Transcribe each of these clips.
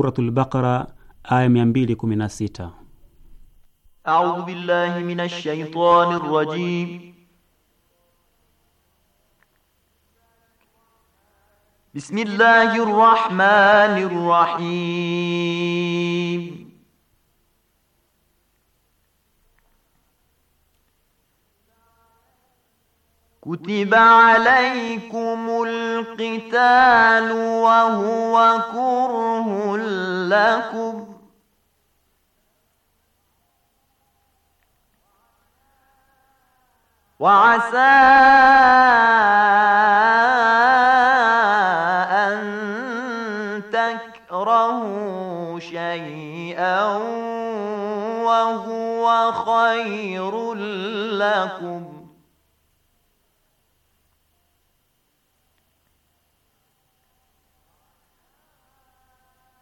Suratul Baqara aya 216. A'udhu billahi minash shaitanir rajim. بسم الله الرحمن الرحيم كتب عليكم القتال وهو كره لكم وعسى أن تكرهوا شيئا وهو خير لكم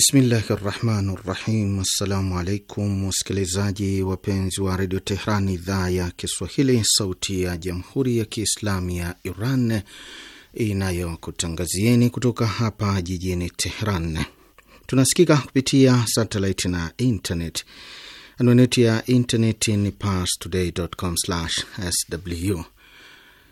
Bismillahi rahmani rahim. Assalamu alaikum wasikilizaji wapenzi wa redio Tehran, idhaa ya Kiswahili, sauti ya jamhuri ya kiislamu ya Iran inayokutangazieni kutoka hapa jijini Tehran. Tunasikika kupitia satellite na internet. Anwani ya internet ni parstoday.com/sw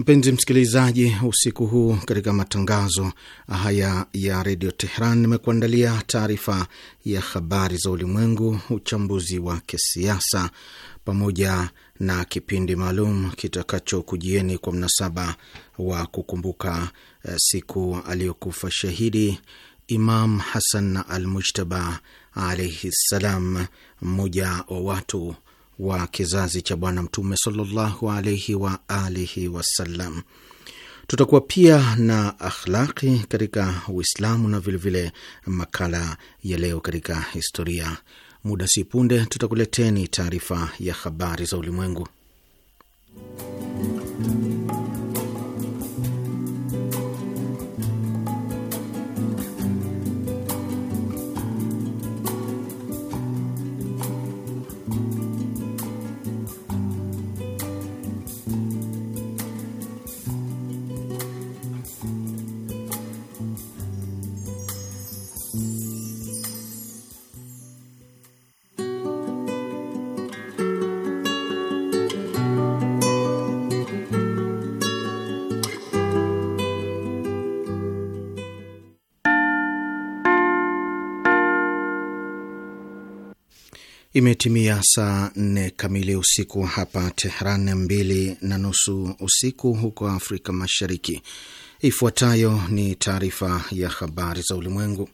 Mpenzi msikilizaji, usiku huu katika matangazo haya ya redio Tehran nimekuandalia taarifa ya habari za ulimwengu, uchambuzi wa kisiasa, pamoja na kipindi maalum kitakachokujieni kwa mnasaba wa kukumbuka eh, siku aliyokufa shahidi Imam Hasan al Mujtaba alaihi ssalam, mmoja wa watu wa kizazi cha Bwana Mtume sallallahu alaihi wa alihi wasallam. Tutakuwa pia na akhlaqi katika Uislamu na vilevile vile makala ya leo katika historia. Muda si punde tutakuleteni taarifa ya habari za ulimwengu. Imetimia saa nne kamili usiku hapa Tehran, mbili na nusu usiku huko Afrika Mashariki. Ifuatayo ni taarifa ya habari za ulimwengu,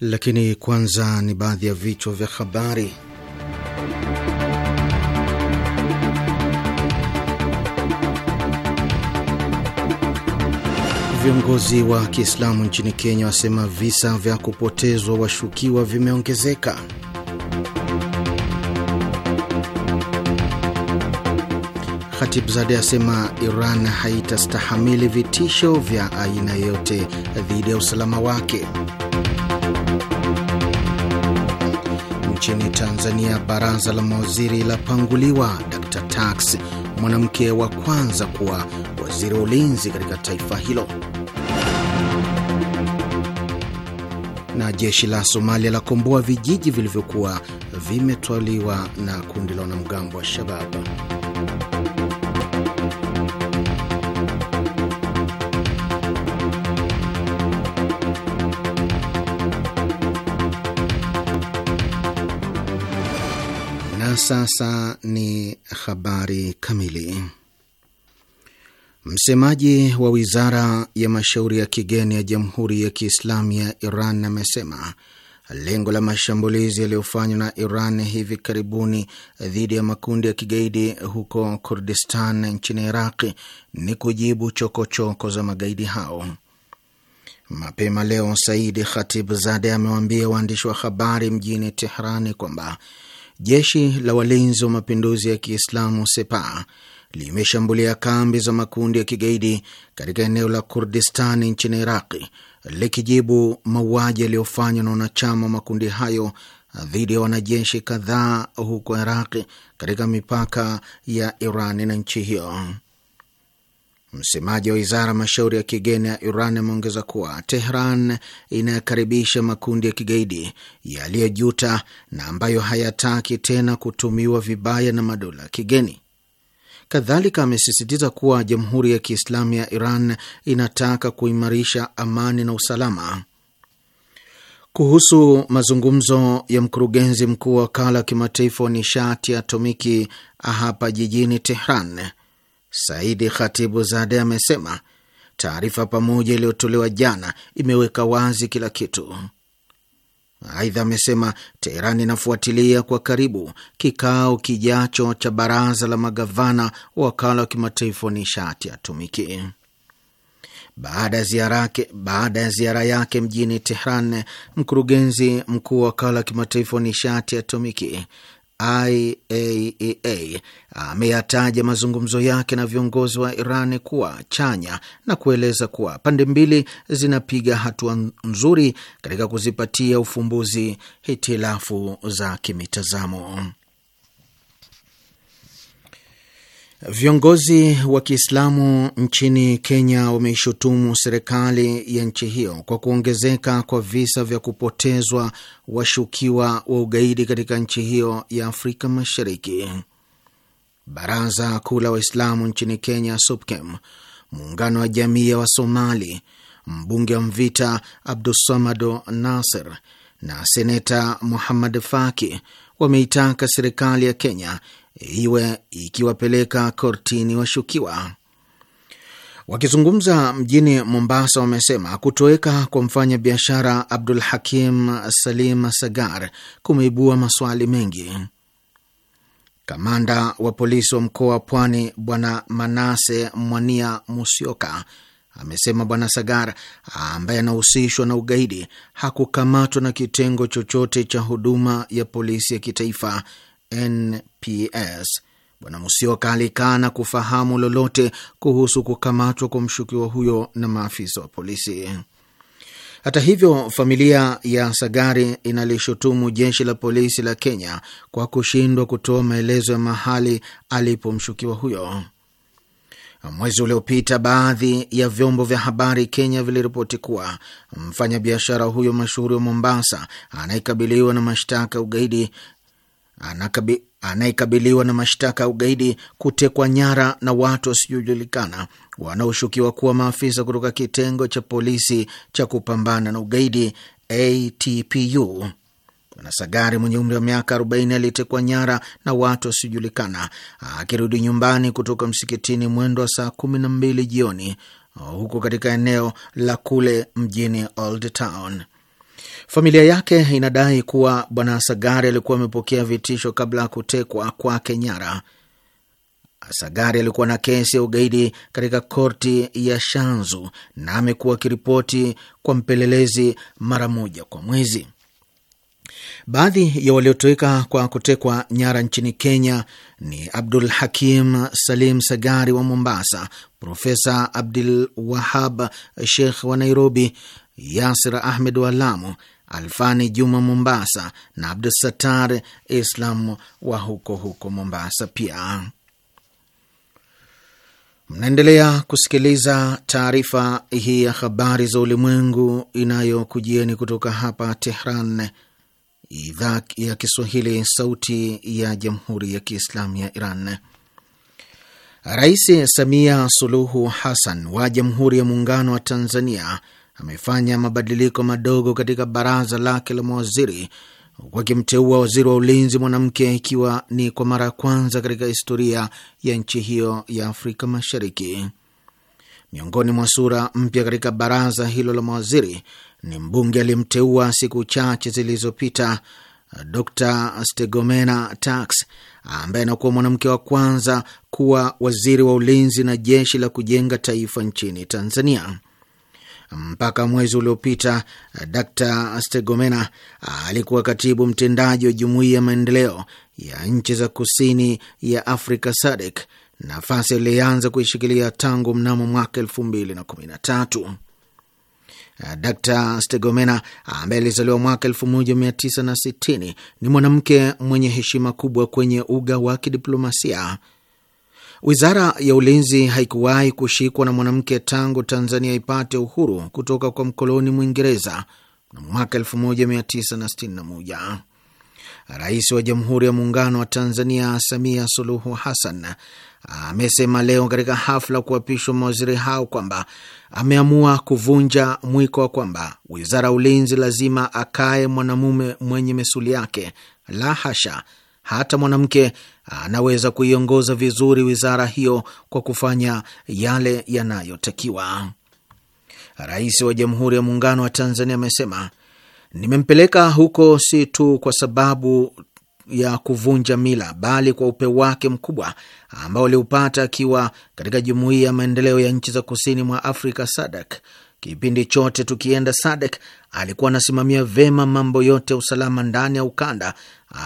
lakini kwanza ni baadhi ya vichwa vya habari. Viongozi wa Kiislamu nchini Kenya wasema visa vya kupotezwa washukiwa vimeongezeka. Khatibzadeh asema Iran haitastahamili vitisho vya aina yote dhidi ya usalama wake. Nchini Tanzania, baraza la mawaziri lapanguliwa. Dr Tax mwanamke wa kwanza kuwa waziri wa ulinzi katika taifa hilo. na jeshi la Somalia la komboa vijiji vilivyokuwa vimetwaliwa na kundi la wanamgambo wa Shabab. Na sasa ni habari kamili. Msemaji wa wizara ya mashauri ya kigeni ya Jamhuri ya Kiislamu ya Iran amesema lengo la mashambulizi yaliyofanywa na Iran hivi karibuni dhidi ya makundi ya kigaidi huko Kurdistan nchini Iraqi ni kujibu chokochoko choko za magaidi hao. Mapema leo Saidi zade amewaambia waandishi wa habari mjini Tehrani kwamba jeshi la walinzi wa mapinduzi ya Kiislamu Sepah limeshambulia kambi za makundi ya kigaidi katika eneo la Kurdistani nchini Iraqi likijibu mauaji yaliyofanywa na wanachama wa makundi hayo dhidi ya wanajeshi kadhaa huko Iraqi katika mipaka ya Iran na nchi hiyo. Msemaji wa wizara mashauri ya kigeni ya Iran ameongeza kuwa Tehran inayakaribisha makundi ya kigaidi yaliyojuta na ambayo hayataki tena kutumiwa vibaya na madola kigeni Kadhalika amesisitiza kuwa Jamhuri ya Kiislamu ya Iran inataka kuimarisha amani na usalama. Kuhusu mazungumzo ya mkurugenzi mkuu wa wakala wa kimataifa wa nishati ya atomiki hapa jijini Tehran, Saidi Khatibu Zade amesema taarifa pamoja iliyotolewa jana imeweka wazi kila kitu. Aidha, amesema Teheran inafuatilia kwa karibu kikao kijacho cha baraza la magavana wa wakala wa kimataifa wa nishati atomiki. Baada ya ziara yake baada ya ziara yake mjini Tehran, mkurugenzi mkuu wa wakala wa kimataifa wa nishati atomiki IAEA e ameyataja mazungumzo yake na viongozi wa Iran kuwa chanya na kueleza kuwa pande mbili zinapiga hatua nzuri katika kuzipatia ufumbuzi hitilafu za kimitazamo. Viongozi wa Kiislamu nchini Kenya wameishutumu serikali ya nchi hiyo kwa kuongezeka kwa visa vya kupotezwa washukiwa wa ugaidi katika nchi hiyo ya Afrika Mashariki. Baraza Kuu la Waislamu nchini Kenya, SUPKEM, muungano wa jamii ya Wasomali, mbunge wa Mvita Abdusamado naser na seneta Muhammad Faki wameitaka serikali ya Kenya iwe ikiwapeleka kortini washukiwa. Wakizungumza mjini Mombasa, wamesema kutoweka kwa mfanya biashara Abdul Hakim Salim Sagar kumeibua maswali mengi. Kamanda wa polisi wa mkoa wa Pwani Bwana Manase Mwania Musioka amesema Bwana Sagar ambaye anahusishwa na ugaidi hakukamatwa na kitengo chochote cha huduma ya polisi ya kitaifa NPS. Bwana Musioka alikana kufahamu lolote kuhusu kukamatwa kwa mshukiwa huyo na maafisa wa polisi. Hata hivyo, familia ya Sagari inalishutumu jeshi la polisi la Kenya kwa kushindwa kutoa maelezo ya mahali alipo mshukiwa huyo. Mwezi uliopita baadhi ya vyombo vya habari Kenya viliripoti kuwa mfanyabiashara huyo mashuhuri wa Mombasa anayekabiliwa na mashtaka ya ugaidi anayekabiliwa na mashtaka ya ugaidi, kutekwa nyara na watu wasiojulikana wanaoshukiwa kuwa maafisa kutoka kitengo cha polisi cha kupambana na ugaidi ATPU. sagari mwenye umri wa miaka 40 aliyetekwa nyara na watu wasiojulikana akirudi nyumbani kutoka msikitini mwendo wa saa mbili jioni huko katika eneo la kule mjini Old Town. Familia yake inadai kuwa Bwana sagari alikuwa amepokea vitisho kabla ya kutekwa kwake nyara. Asagari alikuwa na kesi ya ugaidi katika korti ya Shanzu na amekuwa akiripoti kwa mpelelezi mara moja kwa mwezi. Baadhi ya waliotoweka kwa kutekwa nyara nchini Kenya ni Abdul Hakim Salim Sagari wa Mombasa, Profesa Abdul Wahab Sheikh wa Nairobi, Yasir Ahmed wa Lamu, Alfani Juma Mombasa na Abdusatar Islam wa huko huko Mombasa pia. Mnaendelea kusikiliza taarifa hii ya habari za ulimwengu inayokujieni kutoka hapa Tehran, idhaa ya Kiswahili, sauti ya jamhuri ya kiislamu ya Iran. Rais Samia Suluhu Hassan wa Jamhuri ya Muungano wa Tanzania amefanya mabadiliko madogo katika baraza lake la mawaziri huku akimteua waziri wa ulinzi mwanamke, ikiwa ni kwa mara ya kwanza katika historia ya nchi hiyo ya Afrika Mashariki. Miongoni mwa sura mpya katika baraza hilo la mawaziri ni mbunge aliyemteua siku chache zilizopita Dr Stegomena Tax ambaye anakuwa mwanamke wa kwanza kuwa waziri wa ulinzi na jeshi la kujenga taifa nchini Tanzania. Mpaka mwezi uliopita, Dr Stegomena alikuwa katibu mtendaji wa Jumuiya ya Maendeleo ya Nchi za Kusini ya Afrika SADC, nafasi aliyeanza kuishikilia tangu mnamo mwaka elfu mbili na kumi na tatu. Dr Stegomena ambaye alizaliwa mwaka 1960 ni mwanamke mwenye heshima kubwa kwenye uga wa kidiplomasia. Wizara ya ulinzi haikuwahi kushikwa na mwanamke tangu Tanzania ipate uhuru kutoka kwa mkoloni Mwingereza na mwaka 1961. Rais wa Jamhuri ya Muungano wa Tanzania Samia Suluhu Hassan amesema leo katika hafla kuapishwa mawaziri hao kwamba ameamua kuvunja mwiko wa kwamba wizara ya ulinzi lazima akae mwanamume mwenye misuli yake. La hasha, hata mwanamke anaweza kuiongoza vizuri wizara hiyo kwa kufanya yale yanayotakiwa. Rais wa Jamhuri ya Muungano wa Tanzania amesema, nimempeleka huko si tu kwa sababu ya kuvunja mila, bali kwa upeo wake mkubwa ambao aliupata akiwa katika Jumuiya ya Maendeleo ya Nchi za Kusini mwa Afrika, SADC, Kipindi chote tukienda, Sadek alikuwa anasimamia vema mambo yote ya usalama ndani ya ukanda.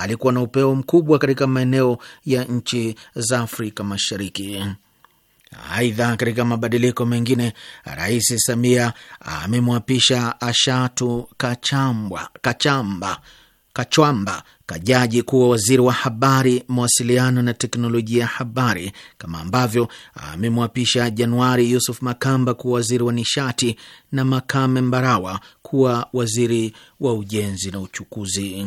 Alikuwa na upeo mkubwa katika maeneo ya nchi za Afrika Mashariki. Aidha, katika mabadiliko mengine, Rais Samia amemwapisha Ashatu Kachamba Kachamba Kachwamba Kajaji kuwa waziri wa habari, mawasiliano na teknolojia ya habari, kama ambavyo amemwapisha Januari Yusuf Makamba kuwa waziri wa nishati na Makame Mbarawa kuwa waziri wa ujenzi na uchukuzi.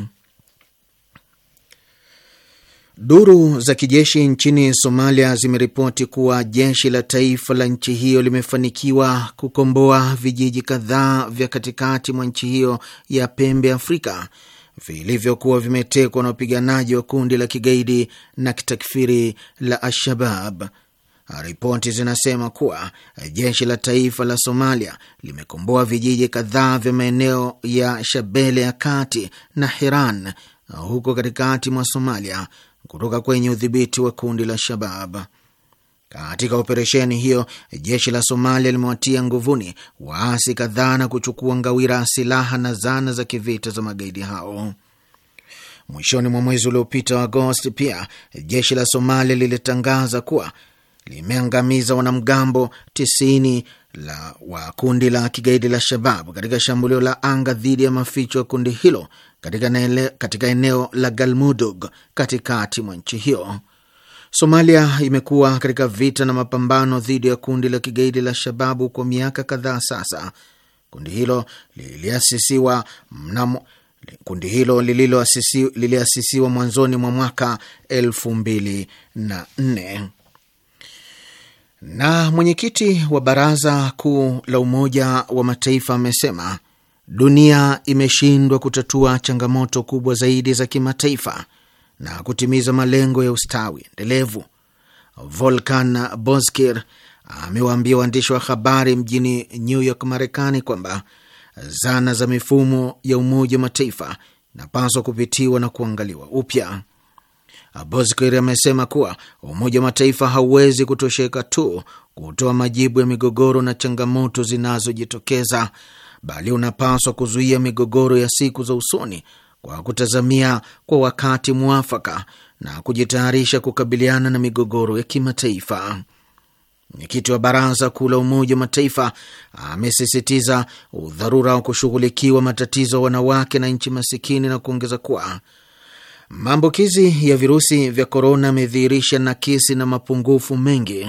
Duru za kijeshi nchini Somalia zimeripoti kuwa jeshi la taifa la nchi hiyo limefanikiwa kukomboa vijiji kadhaa vya katikati mwa nchi hiyo ya pembe Afrika vilivyokuwa vimetekwa na wapiganaji wa kundi la kigaidi na kitakfiri la Alshabab. Ripoti zinasema kuwa jeshi la taifa la Somalia limekomboa vijiji kadhaa vya maeneo ya Shabele ya kati na Hiran huko katikati mwa Somalia kutoka kwenye udhibiti wa kundi la Shabab. Katika operesheni hiyo jeshi la Somalia limewatia nguvuni waasi kadhaa na kuchukua ngawira silaha na zana za kivita za magaidi hao. Mwishoni mwa mwezi uliopita wa Agosti, pia jeshi la Somalia lilitangaza kuwa limeangamiza wanamgambo 90 la wa kundi la kigaidi la Shabab katika shambulio la anga dhidi ya maficho ya kundi hilo katika, nele, katika eneo la Galmudug katikati mwa nchi hiyo. Somalia imekuwa katika vita na mapambano dhidi ya kundi la kigaidi la Shababu kwa miaka kadhaa sasa. Kundi hilo liliasisiwa mnamo kundi hilo liliasisiwa mwanzoni mwa mwaka elfu mbili na nne na mwenyekiti wa Baraza Kuu la Umoja wa Mataifa amesema dunia imeshindwa kutatua changamoto kubwa zaidi za kimataifa na kutimiza malengo ya ustawi endelevu. Volkan Bozkir amewaambia waandishi wa habari mjini New York, Marekani, kwamba zana za mifumo ya Umoja wa Mataifa inapaswa kupitiwa na kuangaliwa upya. Bozkir amesema kuwa Umoja wa Mataifa hauwezi kutosheka tu kutoa majibu ya migogoro na changamoto zinazojitokeza, bali unapaswa kuzuia migogoro ya siku za usoni kwa kutazamia kwa wakati mwafaka na kujitayarisha kukabiliana na migogoro ya kimataifa. Mwenyekiti wa Baraza Kuu la Umoja wa Mataifa amesisitiza udharura wa kushughulikiwa matatizo ya wanawake na nchi masikini na kuongeza kuwa maambukizi ya virusi vya korona yamedhihirisha nakisi na mapungufu mengi.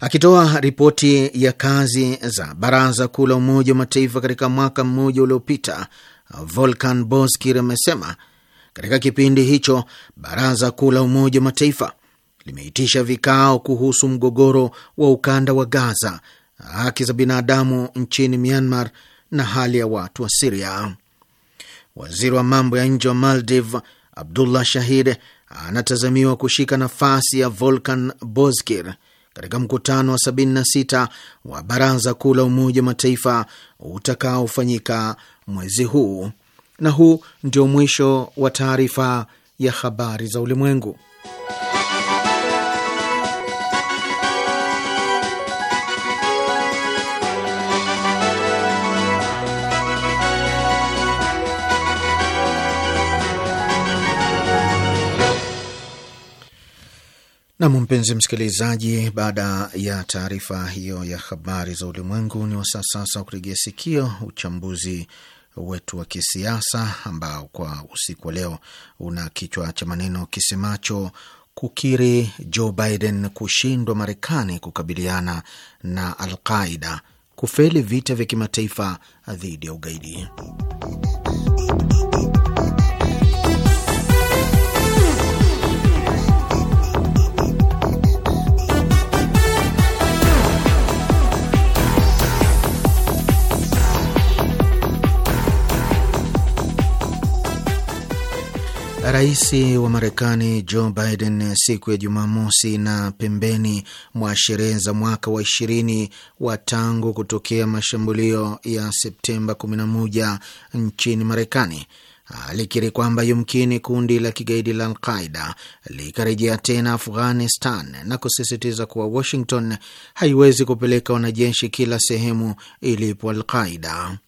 Akitoa ripoti ya kazi za Baraza Kuu la Umoja wa Mataifa katika mwaka mmoja uliopita, Volkan Bozkir amesema katika kipindi hicho baraza kuu la Umoja wa Mataifa limeitisha vikao kuhusu mgogoro wa ukanda wa Gaza, haki za binadamu nchini Myanmar na hali ya watu wa Siria. Waziri wa mambo ya nje wa Maldiv Abdullah Shahid anatazamiwa kushika nafasi ya Volkan Bozkir katika mkutano wa 76 wa Baraza Kuu la Umoja wa Mataifa utakaofanyika mwezi huu. Na huu ndio mwisho wa taarifa ya habari za ulimwengu. Nam, mpenzi msikilizaji, baada ya taarifa hiyo ya habari za ulimwengu, ni wasaa sasa wa kurejea sikio uchambuzi wetu wa kisiasa ambao kwa usiku wa leo una kichwa cha maneno kisemacho kukiri Joe Biden kushindwa Marekani kukabiliana na alqaida kufeli vita vya kimataifa dhidi ya ugaidi. Rais wa Marekani Joe Biden siku ya Jumamosi na pembeni mwa sherehe za mwaka wa ishirini wa tangu kutokea mashambulio ya Septemba 11 nchini Marekani alikiri kwamba yumkini kundi la kigaidi la Alqaida likarejea tena Afghanistan na kusisitiza kuwa Washington haiwezi kupeleka wanajeshi kila sehemu ilipo Alqaida.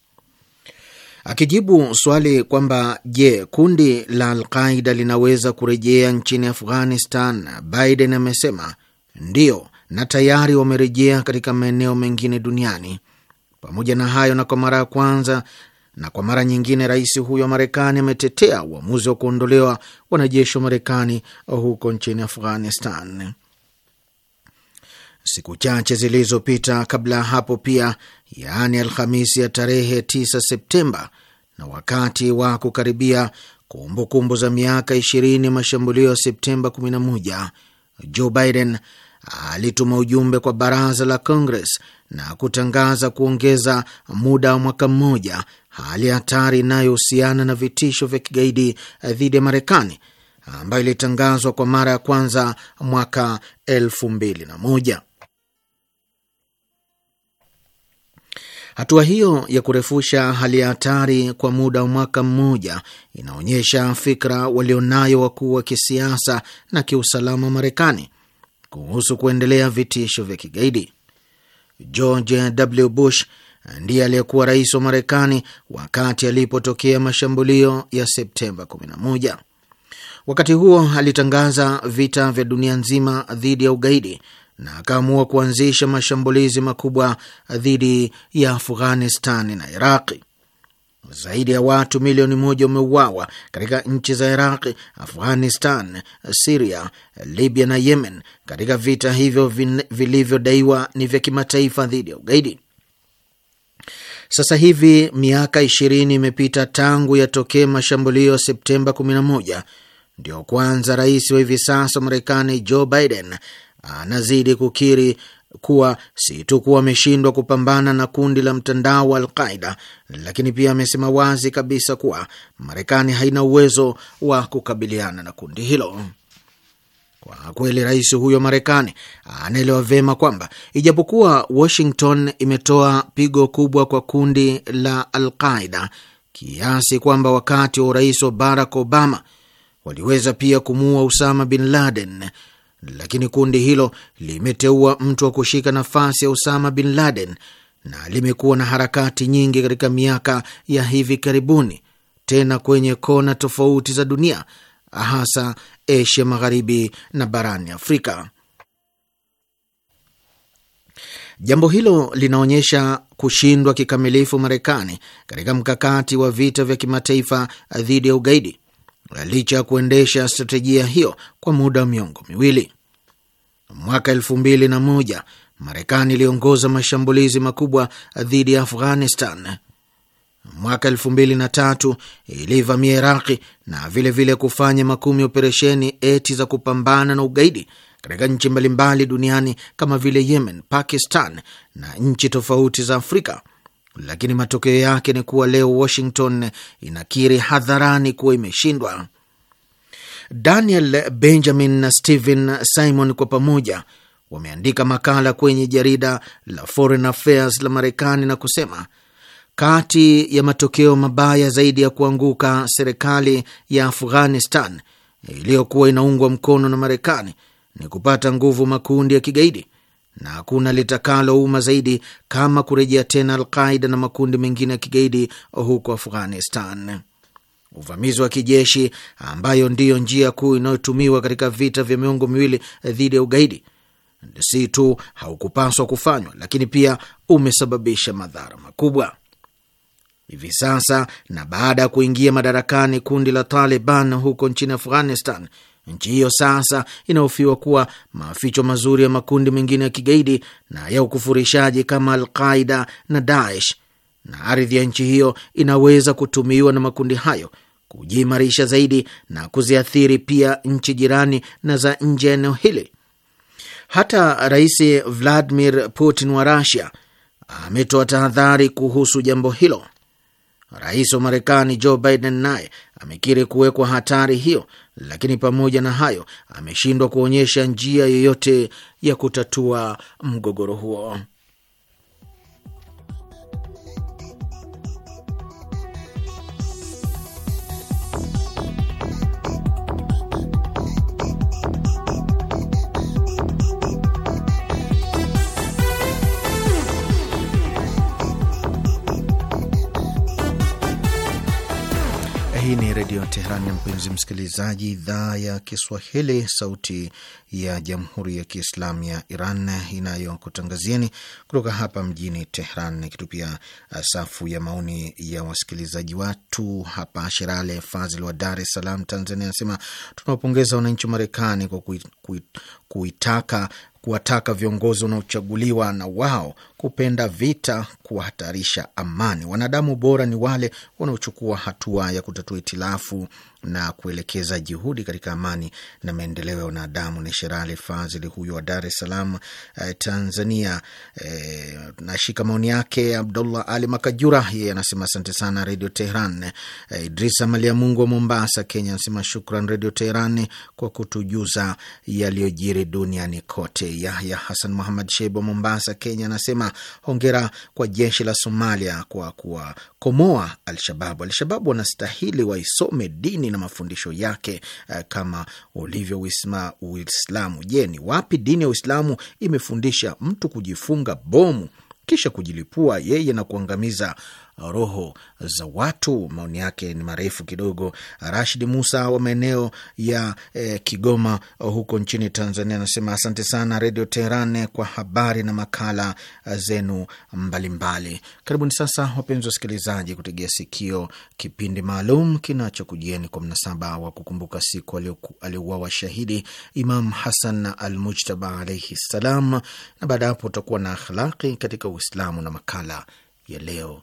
Akijibu swali kwamba je, kundi la Alqaida linaweza kurejea nchini Afghanistan, Biden amesema ndiyo, na tayari wamerejea katika maeneo mengine duniani. Pamoja na hayo, na kwa mara ya kwanza na kwa mara nyingine, rais huyo wa Marekani ametetea uamuzi wa kuondolewa wanajeshi wa Marekani huko nchini Afghanistan siku chache zilizopita. Kabla ya hapo pia, yaani Alhamisi ya tarehe 9 Septemba, na wakati wa kukaribia kumbukumbu kumbu za miaka 20 mashambulio ya Septemba 11, Joe Biden alituma ujumbe kwa baraza la Congress na kutangaza kuongeza muda wa mwaka mmoja hali hatari inayohusiana na vitisho vya kigaidi dhidi ya Marekani ambayo ilitangazwa kwa mara ya kwanza mwaka elfu mbili na moja. Hatua hiyo ya kurefusha hali ya hatari kwa muda wa mwaka mmoja inaonyesha fikra walionayo wakuu wa kisiasa na kiusalama Marekani kuhusu kuendelea vitisho vya kigaidi. George W. Bush ndiye aliyekuwa rais wa Marekani wakati alipotokea mashambulio ya Septemba 11. Wakati huo alitangaza vita vya dunia nzima dhidi ya ugaidi na akaamua kuanzisha mashambulizi makubwa dhidi ya Afghanistani na Iraqi. Zaidi ya watu milioni moja wameuawa katika nchi za Iraqi, Afghanistan, Siria, Libya na Yemen katika vita hivyo vilivyodaiwa ni vya kimataifa dhidi ya ugaidi. Sasa hivi miaka ishirini imepita tangu yatokee mashambulio ya Septemba 11. Ndio kwanza rais wa hivi sasa Marekani Joe Biden anazidi kukiri kuwa si tu kuwa ameshindwa kupambana na kundi la mtandao wa Alqaida, lakini pia amesema wazi kabisa kuwa Marekani haina uwezo wa kukabiliana na kundi hilo. Kwa kweli rais huyo Marekani anaelewa vyema kwamba ijapokuwa Washington imetoa pigo kubwa kwa kundi la Alqaida kiasi kwamba wakati wa urais wa Barack Obama waliweza pia kumuua Usama bin Laden lakini kundi hilo limeteua mtu wa kushika nafasi ya Usama bin Laden na limekuwa na harakati nyingi katika miaka ya hivi karibuni, tena kwenye kona tofauti za dunia, hasa Asia Magharibi na barani Afrika. Jambo hilo linaonyesha kushindwa kikamilifu Marekani katika mkakati wa vita vya kimataifa dhidi ya ugaidi licha ya kuendesha strategia hiyo kwa muda wa miongo miwili. Mwaka elfu mbili na moja Marekani iliongoza mashambulizi makubwa dhidi ya Afghanistan. Mwaka elfu mbili na tatu ilivamia Iraqi na vilevile vile kufanya makumi operesheni eti za kupambana na ugaidi katika nchi mbalimbali duniani kama vile Yemen, Pakistan na nchi tofauti za Afrika. Lakini matokeo yake ni kuwa leo Washington inakiri hadharani kuwa imeshindwa. Daniel Benjamin na Stephen Simon kwa pamoja wameandika makala kwenye jarida la Foreign Affairs la Marekani na kusema kati ya matokeo mabaya zaidi ya kuanguka serikali ya Afghanistan iliyokuwa inaungwa mkono na Marekani ni kupata nguvu makundi ya kigaidi, na hakuna litakalouma zaidi kama kurejea tena Alqaida na makundi mengine ya kigaidi huko Afghanistan. Uvamizi wa kijeshi ambayo ndiyo njia kuu inayotumiwa katika vita vya miongo miwili dhidi ya ugaidi si tu haukupaswa kufanywa, lakini pia umesababisha madhara makubwa. Hivi sasa na baada ya kuingia madarakani kundi la Taliban huko nchini Afghanistan, nchi hiyo sasa inahofiwa kuwa maficho mazuri ya makundi mengine ya kigaidi na ya ukufurishaji kama Alqaida na Daesh, na ardhi ya nchi hiyo inaweza kutumiwa na makundi hayo kujiimarisha zaidi na kuziathiri pia nchi jirani na za nje ya eneo hili. Hata Rais Vladimir Putin wa rasia ametoa tahadhari kuhusu jambo hilo. Rais wa Marekani Joe Biden naye amekiri kuwekwa hatari hiyo, lakini pamoja na hayo ameshindwa kuonyesha njia yoyote ya kutatua mgogoro huo. Hii ni Redio ya mpenzi msikilizaji, idhaa ya Kiswahili, sauti ya Jamhuri ya Kiislamu ya Iran inayokutangazieni kutoka hapa mjini Tehran, ikitupia safu ya maoni ya wasikilizaji watu hapa. Sherale Fazil wa Dar es Salaam, Tanzania, anasema tunawapongeza wananchi wa Marekani kwa kuitaka kuwataka viongozi wanaochaguliwa na wao kupenda vita kuwahatarisha amani. Wanadamu bora ni wale wanaochukua hatua ya kutatua itilafu na kuelekeza juhudi katika amani na maendeleo ya wanadamu. Ni Sherali Fazili huyo wa Dar es Salaam, eh, Tanzania. E, nashika maoni yake Abdullah Ali Makajura, yeye anasema asante sana Redio Teheran. E, eh, Idrisa Mungu wa Mombasa, Kenya, anasema shukran Redio Teheran kwa kutujuza yaliyojiri duniani kote. Yahya Hasan Muhamad Sheibo, Mombasa, Kenya, anasema hongera kwa jeshi la Somalia kwa kuwakomoa Alshababu. Alshababu wanastahili waisome dini na mafundisho yake uh, kama ulivyo Uislamu. Je, ni wapi dini ya Uislamu imefundisha mtu kujifunga bomu kisha kujilipua yeye na kuangamiza roho za watu. Maoni yake ni marefu kidogo. Rashid Musa wa maeneo ya eh, Kigoma huko nchini Tanzania anasema asante sana Redio Teheran kwa habari na makala zenu mbalimbali. Karibuni sasa, wapenzi wasikilizaji, kutegea sikio kipindi maalum kinachokujieni kwa mnasaba wa kukumbuka siku aliouawa shahidi Imam Hasan al Mujtaba alaihi ssalam, na baada ya hapo utakuwa na akhlaqi katika Uislamu na makala ya leo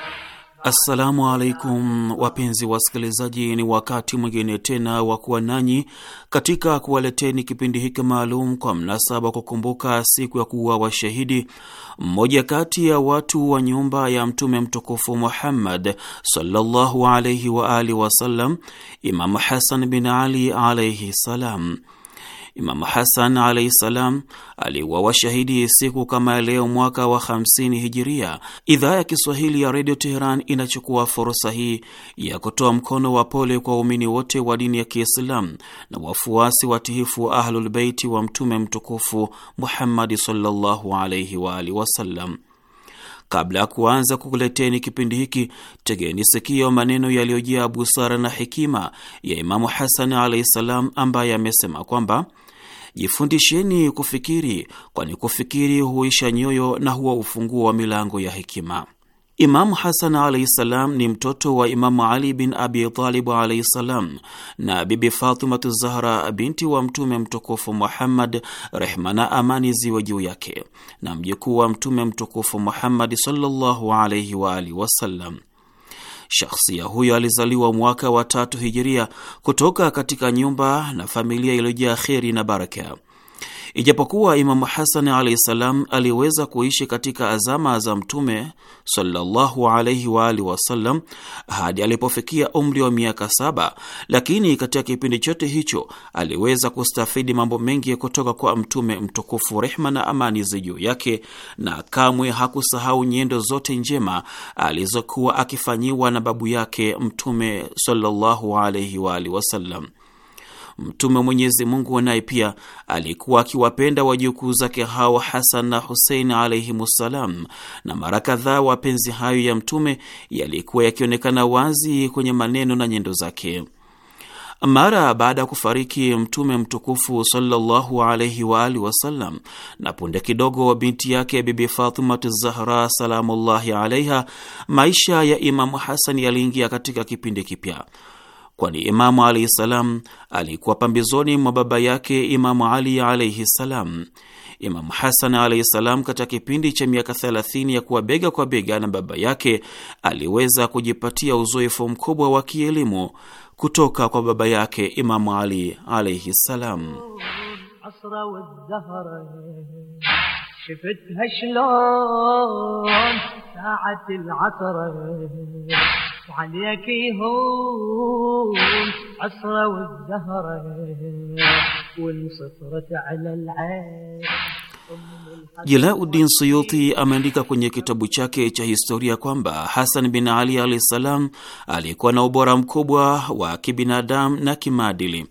Assalamu alaikum wapenzi wasikilizaji, ni wakati mwingine tena wa kuwa nanyi katika kuwaleteni kipindi hiki maalum kwa mnasaba wa kukumbuka siku ya kuwa washahidi mmoja kati ya watu wa nyumba ya Mtume mtukufu Muhammad sallallahu alaihi wa alihi wasallam, Imamu Hasan bin Ali alaihi salam. Imamu Hasan alaihi salam aliwa washahidi siku kama leo mwaka wa 50 Hijiria. Idhaa ya Kiswahili ya Redio Teheran inachukua fursa hii ya kutoa mkono wa pole kwa waumini wote wa dini ya Kiislamu na wafuasi watihifu wa Ahlulbeiti wa Mtume mtukufu Muhammadi sallallahu alaihi waalihi wasallam. Kabla ya kuanza kukuleteni kipindi hiki, tegeni sikio maneno yaliyojia busara na hekima ya Imamu Hasan alaihi ambaye amesema kwamba Jifundisheni kufikiri, kwani kufikiri huisha nyoyo na huwa ufunguo wa milango ya hekima. Imamu Hasan alaihi ssalam ni mtoto wa Imamu Ali bin Abi Talibu alaihi ssalam na Bibi Fatimatu Zahra binti wa Mtume mtukufu Muhammad, rehma na amani ziwe juu yake, na mjukuu wa Mtume mtukufu muhammadi sallallahu alaihi waalihi wasallam. Shahsia huyo alizaliwa mwaka wa tatu hijiria kutoka katika nyumba na familia iliyojaa kheri na baraka. Ijapokuwa Imamu Hasan alaihi salam aliweza kuishi katika azama za Mtume sallallahu alaihi wa alihi wasallam hadi alipofikia umri wa miaka saba, lakini katika kipindi chote hicho aliweza kustafidi mambo mengi kutoka kwa Mtume mtukufu, rehma na amani zi juu yake, na kamwe hakusahau nyendo zote njema alizokuwa akifanyiwa na babu yake Mtume sallallahu alaihi wa alihi wasallam. Mtume wa Mwenyezi Mungu naye pia alikuwa akiwapenda wajukuu zake hao Hasan na Husein alaihimussalam, na mara kadhaa wapenzi hayo ya Mtume yalikuwa yakionekana wazi kwenye maneno na nyendo zake. Mara baada ya kufariki Mtume mtukufu sallallahu alaihi wa alihi wasallam, na punde kidogo wa binti yake Bibi fatimatu Zahra salamullahi alaiha, maisha ya Imamu Hasani yaliingia katika kipindi kipya kwani Imamu alaihi salam alikuwa pambizoni mwa baba yake Imamu Ali alaihi salam. Imamu Hasan alaihi salam katika kipindi cha miaka 30 ya kuwa bega kwa bega na baba yake aliweza kujipatia uzoefu mkubwa wa kielimu kutoka kwa baba yake Imamu Ali alaihi salam. وعليك يهون عصرة والزهرة وانسطرت على العين Uddin Suyuti ameandika kwenye kitabu chake cha historia kwamba Hasan bin Ali alahi salam alikuwa na ubora mkubwa wa kibinadamu na kimaadili.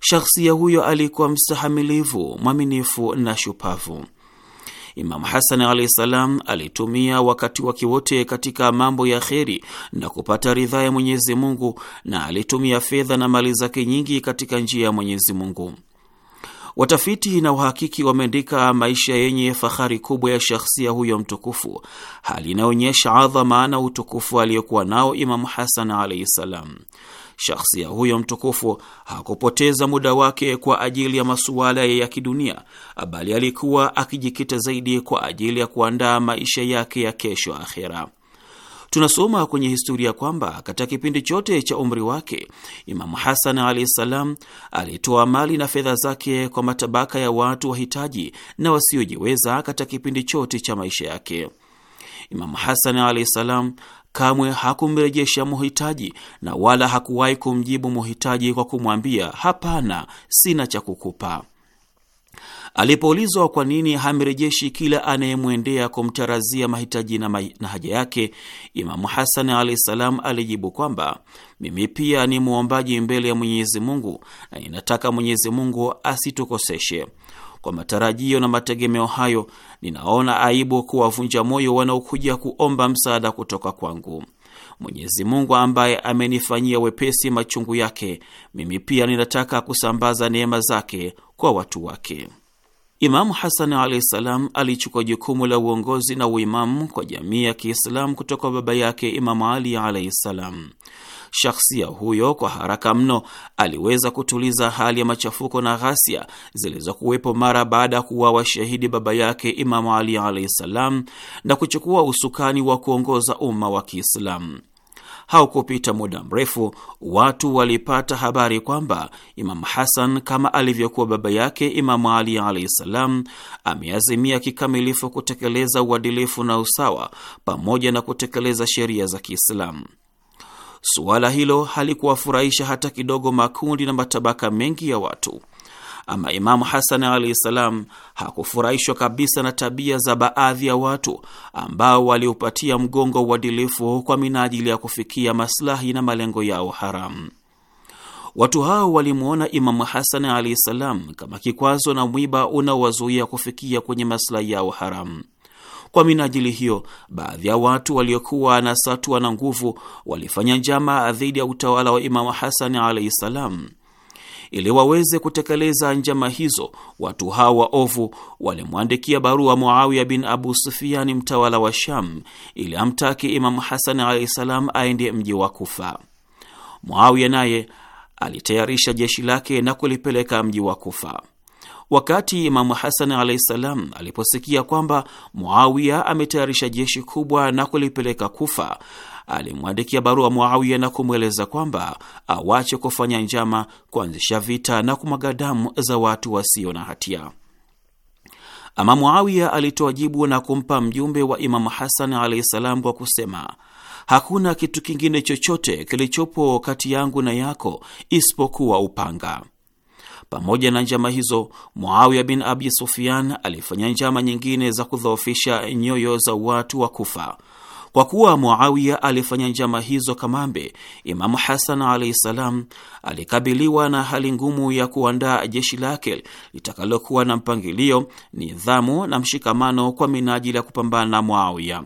Shakhsia huyo alikuwa mstahamilivu, mwaminifu na shupavu. Imamu Hasani alahi salam alitumia wakati wake wote katika mambo ya kheri na kupata ridhaa ya Mwenyezi Mungu, na alitumia fedha na mali zake nyingi katika njia ya Mwenyezi Mungu. Watafiti na uhakiki wameandika maisha yenye fahari kubwa ya shakhsia huyo mtukufu, hali inayoonyesha adhama na utukufu aliyokuwa nao Imamu Hasan alaihi salam shakhsia huyo mtukufu hakupoteza muda wake kwa ajili ya masuala ya kidunia, bali alikuwa akijikita zaidi kwa ajili ya kuandaa maisha yake ya kesho akhera. Tunasoma kwenye historia kwamba katika kipindi chote cha umri wake Imamu Hasan alahi salam alitoa mali na fedha zake kwa matabaka ya watu wahitaji na wasiojiweza katika kipindi chote cha maisha yake. Imamu Hasan alahi salam kamwe hakumrejesha muhitaji na wala hakuwahi kumjibu muhitaji kwa kumwambia hapana, sina cha kukupa. Alipoulizwa kwa nini hamrejeshi kila anayemwendea kumtarazia mahitaji na, ma na haja yake, Imamu Hasani alahi salam alijibu kwamba mimi pia ni mwombaji mbele ya Mwenyezi Mungu na ninataka Mwenyezi Mungu asitukoseshe. Kwa matarajio na mategemeo hayo, ninaona aibu kuwavunja moyo wanaokuja kuomba msaada kutoka kwangu. Mwenyezi Mungu ambaye amenifanyia wepesi machungu yake, mimi pia ninataka kusambaza neema zake kwa watu wake. Imamu Hasan alahi salam alichukua jukumu la uongozi na uimamu kwa jamii ya Kiislamu kutoka baba yake Imamu Ali alaihi salam. Shahsia huyo kwa haraka mno aliweza kutuliza hali ya machafuko na ghasia zilizokuwepo mara baada ya kuwawa shahidi baba yake Imamu Ali alaihi salam na kuchukua usukani wa kuongoza umma wa Kiislamu. Haukupita muda mrefu, watu walipata habari kwamba Imamu Hasan kama alivyokuwa baba yake Imamu Ali alaihi salam ameazimia kikamilifu kutekeleza uadilifu na usawa pamoja na kutekeleza sheria za Kiislamu. Suala hilo halikuwafurahisha hata kidogo makundi na matabaka mengi ya watu. Ama Imamu Hasan alahi salam hakufurahishwa kabisa na tabia za baadhi ya watu ambao waliupatia mgongo uadilifu kwa minajili ya kufikia maslahi na malengo yao haramu. Watu hao walimwona Imamu Hasan alahi salam kama kikwazo na mwiba unaowazuia kufikia kwenye maslahi yao haramu. Kwa minajili hiyo, baadhi ya watu waliokuwa na satwa na nguvu walifanya njama dhidi ya utawala wa Imamu Hasani alaihi salam. Ili waweze kutekeleza njama hizo, watu wa waovu walimwandikia barua Muawiya bin Abu Sufiani, mtawala wa Sham, ili amtaki Imamu Hasani alaihi salam aende mji wa Kufa. Muawiya naye alitayarisha jeshi lake na kulipeleka mji wa Kufa. Wakati Imamu Hasan alahi salam aliposikia kwamba Muawiya ametayarisha jeshi kubwa na kulipeleka Kufa, alimwandikia barua Muawiya na kumweleza kwamba awache kufanya njama kuanzisha vita na kumwaga damu za watu wasio na hatia. Ama Muawiya alitoa jibu na kumpa mjumbe wa Imamu Hasan alahi salam kwa kusema hakuna kitu kingine chochote kilichopo kati yangu na yako isipokuwa upanga. Pamoja na njama hizo, Muawiya bin Abi Sufyan alifanya njama nyingine za kudhoofisha nyoyo za watu wa Kufa. Kwa kuwa Muawiya alifanya njama hizo kamambe, Imamu Hasan alaihi salam alikabiliwa na hali ngumu ya kuandaa jeshi lake litakalokuwa na mpangilio, nidhamu na mshikamano kwa minajili ya kupambana na Muawiya.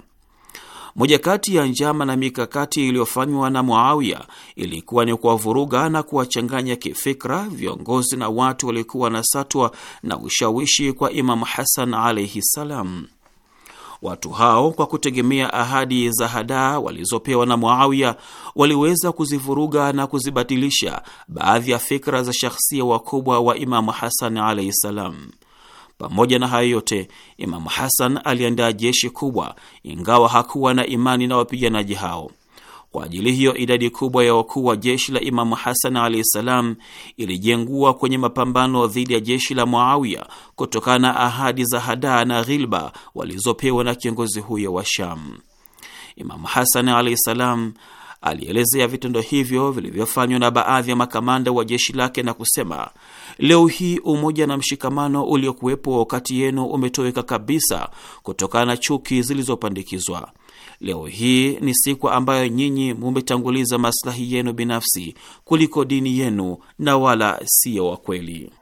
Moja kati ya njama na mikakati iliyofanywa na Muawiya ilikuwa ni kuwavuruga na kuwachanganya kifikra viongozi na watu waliokuwa na satwa na ushawishi kwa Imamu Hasan alaihi salam. Watu hao kwa kutegemea ahadi za hadaa walizopewa na Muawiya waliweza kuzivuruga na kuzibatilisha baadhi ya fikra za shakhsia wakubwa wa Imamu Hasan alaihi salam. Pamoja na hayo yote, Imamu Hasan aliandaa jeshi kubwa, ingawa hakuwa na imani na wapiganaji hao. Kwa ajili hiyo, idadi kubwa ya wakuu wa jeshi la Imamu Hasan alahi ssalam ilijengua kwenye mapambano dhidi ya jeshi la Muawiya kutokana na ahadi za hadaa na ghilba walizopewa na kiongozi huyo wa Sham. Imamu Hasan alahi ssalam alielezea vitendo hivyo vilivyofanywa na baadhi ya makamanda wa jeshi lake na kusema Leo hii umoja na mshikamano uliokuwepo wakati yenu umetoweka kabisa kutokana na chuki zilizopandikizwa. Leo hii ni siku ambayo nyinyi mumetanguliza maslahi yenu binafsi kuliko dini yenu, na wala siyo wa kweli.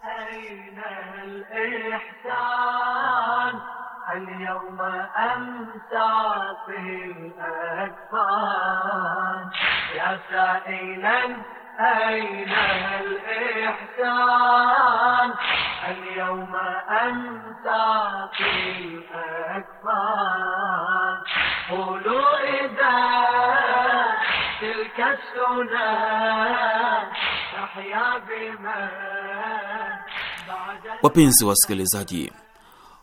أين الإحسان اليوم أنت في الأكفان قولوا إذا تلك السنة تحيا بمن wapenzi wasikilizaji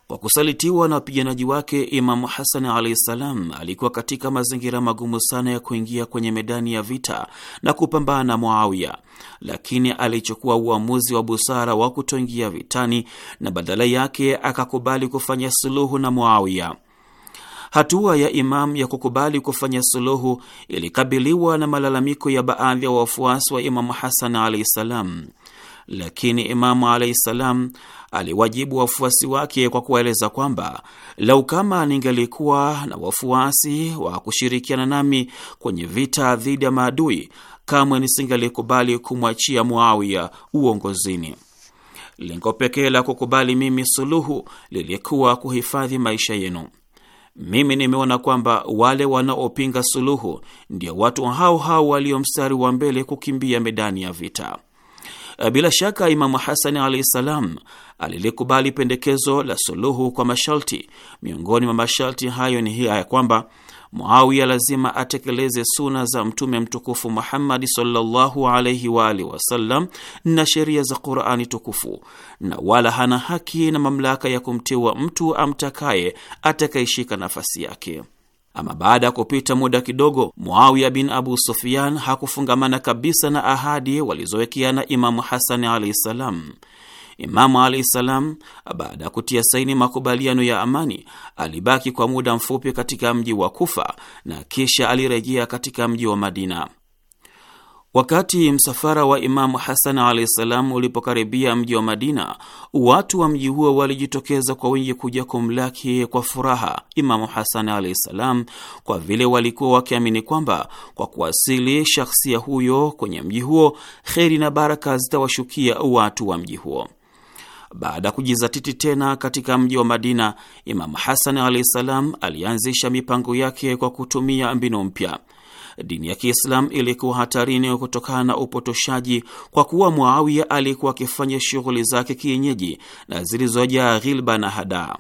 Kwa kusalitiwa na wapiganaji wake, Imamu Hasan alahi ssalam alikuwa katika mazingira magumu sana ya kuingia kwenye medani ya vita na kupambana na Muawiya, lakini alichukua uamuzi wa busara wa kutoingia vitani na badala yake akakubali kufanya suluhu na Muawiya. Hatua ya Imam ya kukubali kufanya suluhu ilikabiliwa na malalamiko ya baadhi ya wafuasi wa Imamu Hasan alahi ssalam lakini Imamu alaihi salam aliwajibu wafuasi wake kwa kuwaeleza kwamba lau kama ningelikuwa na wafuasi wa kushirikiana nami kwenye vita dhidi ya maadui, kamwe nisingelikubali kumwachia Muawiya uongozini. Lengo pekee la kukubali mimi suluhu lilikuwa kuhifadhi maisha yenu. Mimi nimeona kwamba wale wanaopinga suluhu ndio watu hao hao walio mstari wa mbele kukimbia medani ya vita. Eh, bila shaka Imamu Hasani alahi salam alilikubali pendekezo la suluhu kwa masharti. Miongoni mwa masharti hayo ni hiya ya kwamba Muawiya lazima atekeleze suna za Mtume mtukufu Muhammadi sallallahu alaihi wa alihi wasallam na sheria za Qurani tukufu, na wala hana haki na mamlaka ya kumteua mtu amtakaye atakayeshika nafasi yake. Ama baada ya kupita muda kidogo, Muawiya bin Abu Sufyan hakufungamana kabisa na ahadi walizowekeana Imamu Hasani alaihi salam. Imamu alaihi ssalam baada ya kutia saini makubaliano ya amani, alibaki kwa muda mfupi katika mji wa Kufa na kisha alirejea katika mji wa Madina. Wakati msafara wa Imamu Hasan alahi salam ulipokaribia mji wa Madina, watu wa mji huo walijitokeza kwa wingi kuja kumlaki kwa furaha Imamu Hasan alahi salam, kwa vile walikuwa wakiamini kwamba kwa kuwasili shakhsia huyo kwenye mji huo, kheri na baraka zitawashukia watu wa mji huo. Baada ya kujizatiti tena katika mji wa Madina, Imamu Hasan alahi salam alianzisha mipango yake kwa kutumia mbinu mpya dini ya Kiislamu ilikuwa hatarini kutokana na upotoshaji, kwa kuwa Muawiya alikuwa akifanya shughuli zake kienyeji na zilizojaa ghilba na hadaa.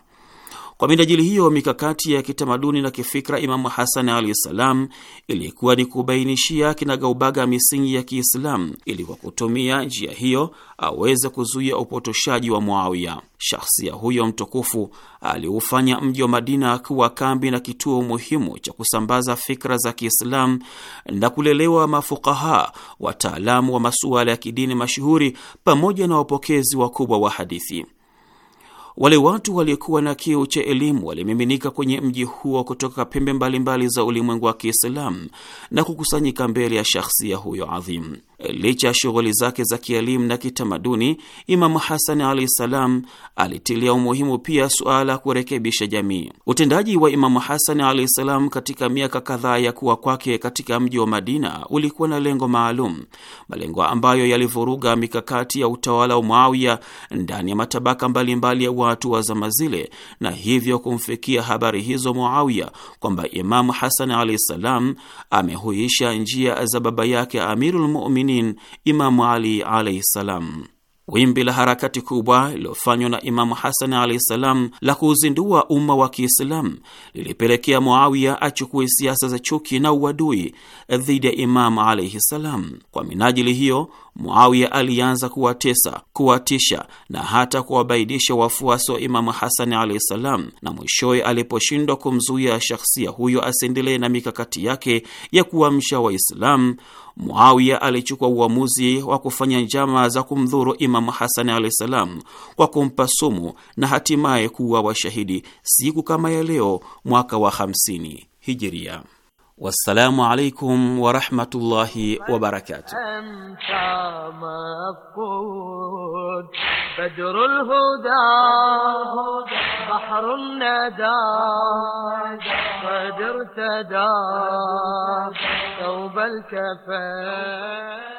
Kwa minajili hiyo, mikakati ya kitamaduni na kifikra Imamu hasani alahi salam ilikuwa ni kubainishia kinagaubaga misingi ya Kiislamu ili kwa kutumia njia hiyo aweze kuzuia upotoshaji wa Muawiya. Shahsia huyo mtukufu aliufanya mji wa Madina kuwa kambi na kituo muhimu cha kusambaza fikra za Kiislamu na kulelewa mafukaha, wataalamu wa masuala ya kidini mashuhuri, pamoja na wapokezi wakubwa wa hadithi. Wale watu waliokuwa na kiu cha elimu walimiminika kwenye mji huo kutoka pembe mbalimbali mbali za ulimwengu wa Kiislamu na kukusanyika mbele ya shakhsia huyo adhimu. Licha ya shughuli zake za kielimu na kitamaduni, Imamu Hasani alahi salam alitilia umuhimu pia suala ya kurekebisha jamii. Utendaji wa Imamu Hasani alahi salam katika miaka kadhaa ya kuwa kwake katika mji wa Madina ulikuwa na lengo maalum, malengo ambayo yalivuruga mikakati ya utawala wa Muawiya ndani ya matabaka mbalimbali mbali ya hatua zama zile, na hivyo kumfikia habari hizo Muawiya kwamba Imamu Hasan alahi ssalam amehuisha njia za baba yake amirulmuminin Imamu Ali alaihi ssalam. Wimbi la harakati kubwa lililofanywa na Imamu Hasan alahi ssalam la kuuzindua umma wa Kiislamu lilipelekea Muawiya achukue siasa za chuki na uadui dhidi ya Imamu alaihi ssalam. Kwa minajili hiyo, Muawiya alianza kuwatesa, kuwatisha na hata kuwabaidisha wafuasi wa Imamu Hasan alahi ssalam, na mwishowe aliposhindwa kumzuia shakhsia huyo asiendelee na mikakati yake ya kuamsha Waislamu, Muawiya alichukua uamuzi wa kufanya njama za kumdhuru Imamu Hasani alahi salam kwa kumpa sumu na hatimaye kuwa washahidi siku kama ya leo mwaka wa 50 hijiria. والسلام عليكم ورحمة الله وبركاته بدر الهدى بحر الندى قد ارتدى ثوب الكفن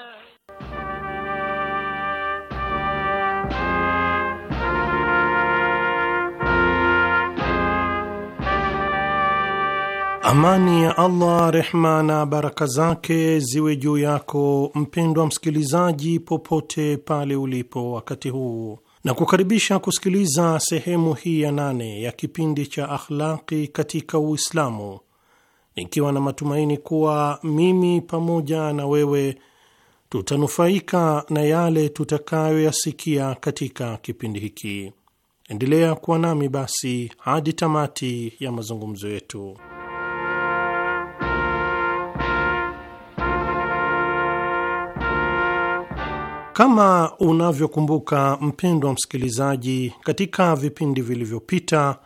Amani ya Allah, rehma na baraka zake ziwe juu yako mpendwa msikilizaji, popote pale ulipo wakati huu, na kukaribisha kusikiliza sehemu hii ya nane ya kipindi cha Akhlaqi katika Uislamu, nikiwa na matumaini kuwa mimi pamoja na wewe tutanufaika na yale tutakayoyasikia katika kipindi hiki. Endelea kuwa nami basi hadi tamati ya mazungumzo yetu. Kama unavyokumbuka mpendwa msikilizaji, katika vipindi vilivyopita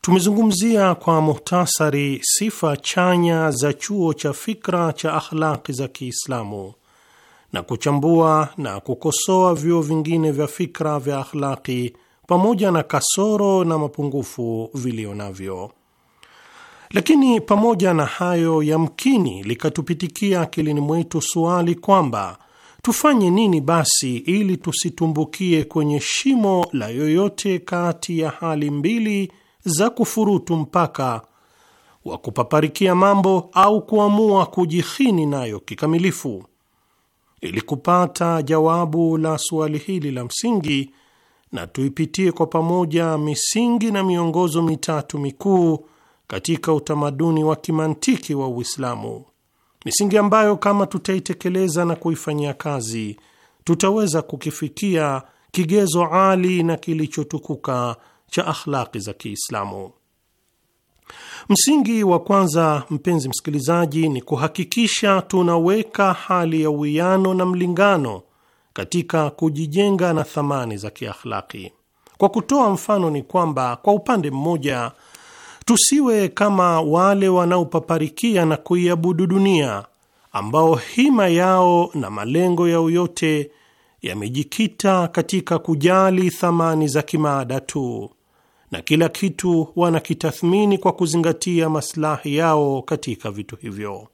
tumezungumzia kwa muhtasari sifa chanya za chuo cha fikra cha akhlaqi za Kiislamu na kuchambua na kukosoa vyuo vingine vya fikra vya akhlaqi pamoja na kasoro na mapungufu vilio navyo. Lakini pamoja na hayo, yamkini likatupitikia akilini mwetu suali kwamba Tufanye nini basi ili tusitumbukie kwenye shimo la yoyote kati ya hali mbili za kufurutu mpaka wa kupaparikia mambo au kuamua kujihini nayo kikamilifu? Ili kupata jawabu la suali hili la msingi, na tuipitie kwa pamoja misingi na miongozo mitatu mikuu katika utamaduni wa kimantiki wa Uislamu misingi ambayo kama tutaitekeleza na kuifanyia kazi tutaweza kukifikia kigezo ali na kilichotukuka cha akhlaqi za Kiislamu. Msingi wa kwanza, mpenzi msikilizaji, ni kuhakikisha tunaweka hali ya uwiano na mlingano katika kujijenga na thamani za kiakhlaqi. Kwa kutoa mfano, ni kwamba kwa upande mmoja Tusiwe kama wale wanaopaparikia na kuiabudu dunia, ambao hima yao na malengo yao yote yamejikita katika kujali thamani za kimaada tu na kila kitu wanakitathmini kwa kuzingatia maslahi yao katika vitu hivyo.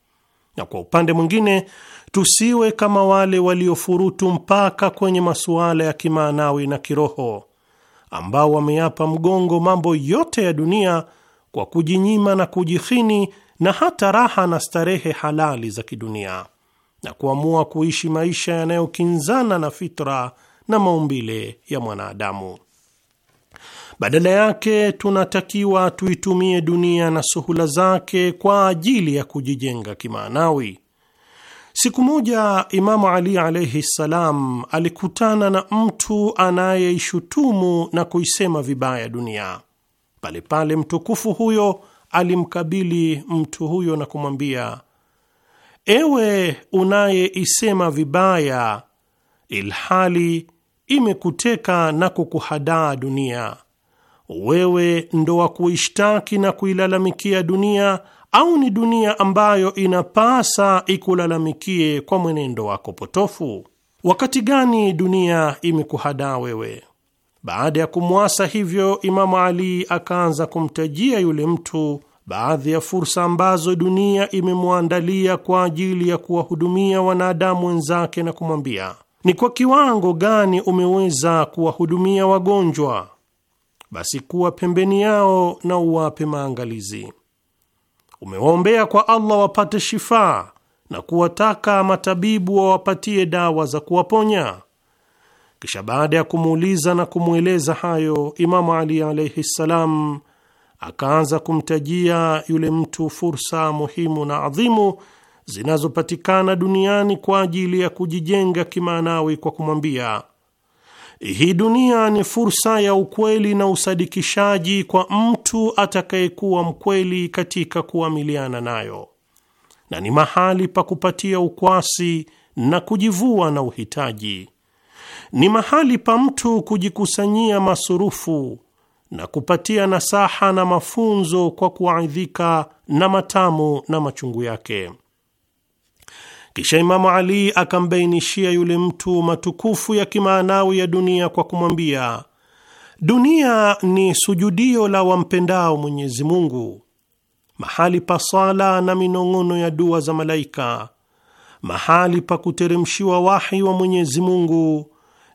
Na kwa upande mwingine, tusiwe kama wale waliofurutu mpaka kwenye masuala ya kimaanawi na kiroho, ambao wameyapa mgongo mambo yote ya dunia kwa kujinyima na kujihini na hata raha na starehe halali za kidunia na kuamua kuishi maisha yanayokinzana na fitra na maumbile ya mwanadamu. Badala yake tunatakiwa tuitumie dunia na suhula zake kwa ajili ya kujijenga kimaanawi. Siku moja Imamu Ali alaihi ssalam alikutana na mtu anayeishutumu na kuisema vibaya dunia. Pale pale mtukufu huyo alimkabili mtu huyo na kumwambia, ewe unayeisema vibaya ilhali imekuteka na kukuhadaa dunia, wewe ndo wa kuishtaki na kuilalamikia dunia au ni dunia ambayo inapasa ikulalamikie kwa mwenendo wako potofu? Wakati gani dunia imekuhadaa wewe? Baada ya kumwasa hivyo, Imamu Ali akaanza kumtajia yule mtu baadhi ya fursa ambazo dunia imemwandalia kwa ajili ya kuwahudumia wanadamu wenzake na kumwambia ni kwa kiwango gani umeweza kuwahudumia wagonjwa, basi kuwa pembeni yao na uwape maangalizi. Umewaombea kwa Allah wapate shifaa na kuwataka matabibu wawapatie dawa za kuwaponya kisha baada ya kumuuliza na kumweleza hayo, Imamu Ali alaihi ssalam akaanza kumtajia yule mtu fursa muhimu na adhimu zinazopatikana duniani kwa ajili ya kujijenga kimaanawi kwa kumwambia, hii dunia ni fursa ya ukweli na usadikishaji kwa mtu atakayekuwa mkweli katika kuamiliana nayo, na ni mahali pa kupatia ukwasi na kujivua na uhitaji ni mahali pa mtu kujikusanyia masurufu na kupatia nasaha na mafunzo kwa kuaidhika na matamu na machungu yake. Kisha Imamu Ali akambainishia yule mtu matukufu ya kimaanawi ya dunia kwa kumwambia, dunia ni sujudio la wampendao Mwenyezi Mungu, mahali pa sala na minong'ono ya dua za malaika, mahali pa kuteremshiwa wahi wa Mwenyezi Mungu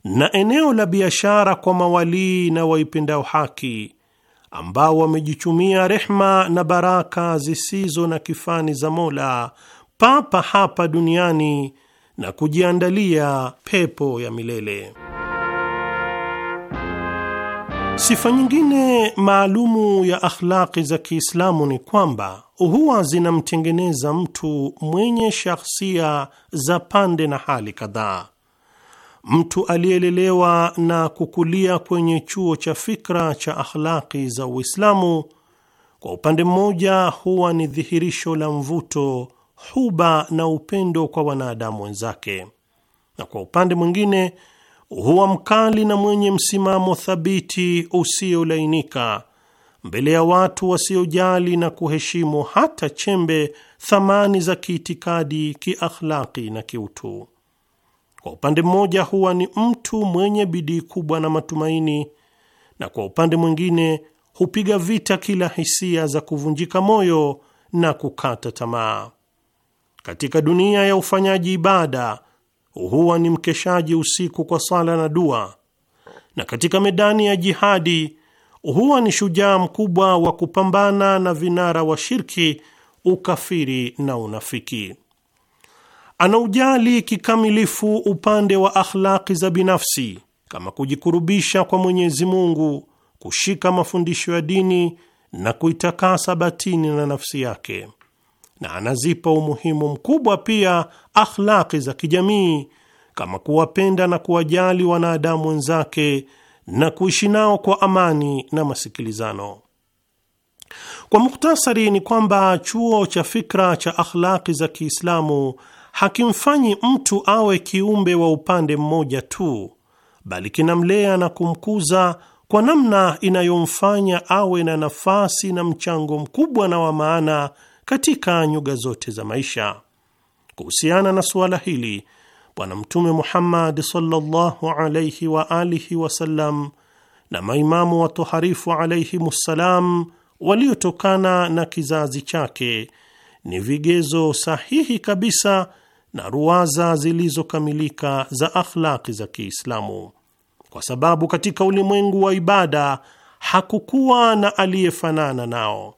na eneo la biashara kwa mawalii na waipendao haki ambao wamejichumia rehma na baraka zisizo na kifani za Mola papa hapa duniani na kujiandalia pepo ya milele. Sifa nyingine maalumu ya akhlaqi za Kiislamu ni kwamba huwa zinamtengeneza mtu mwenye shakhsia za pande na hali kadhaa mtu aliyelelewa na kukulia kwenye chuo cha fikra cha akhlaqi za Uislamu kwa upande mmoja huwa ni dhihirisho la mvuto, huba na upendo kwa wanadamu wenzake, na kwa upande mwingine huwa mkali na mwenye msimamo thabiti usiolainika mbele ya watu wasiojali na kuheshimu hata chembe thamani za kiitikadi, kiakhlaqi na kiutu. Kwa upande mmoja huwa ni mtu mwenye bidii kubwa na matumaini, na kwa upande mwingine hupiga vita kila hisia za kuvunjika moyo na kukata tamaa. Katika dunia ya ufanyaji ibada huwa ni mkeshaji usiku kwa sala na dua, na katika medani ya jihadi huwa ni shujaa mkubwa wa kupambana na vinara wa shirki, ukafiri na unafiki anaujali kikamilifu upande wa akhlaki za binafsi kama kujikurubisha kwa Mwenyezi Mungu, kushika mafundisho ya dini na kuitakasa batini na nafsi yake, na anazipa umuhimu mkubwa pia akhlaki za kijamii kama kuwapenda na kuwajali wanadamu wenzake na kuishi nao kwa amani na masikilizano. Kwa muktasari, ni kwamba chuo cha fikra cha akhlaki za Kiislamu hakimfanyi mtu awe kiumbe wa upande mmoja tu, bali kinamlea na kumkuza kwa namna inayomfanya awe na nafasi na mchango mkubwa na wa maana katika nyuga zote za maisha. Kuhusiana na suala hili, Bwana Mtume Muhammad sallallahu alayhi wa alihi wasallam na maimamu watoharifu alayhimussalam waliotokana na kizazi chake ni vigezo sahihi kabisa na ruwaza zilizokamilika za akhlaki za Kiislamu, kwa sababu katika ulimwengu wa ibada hakukuwa na aliyefanana nao,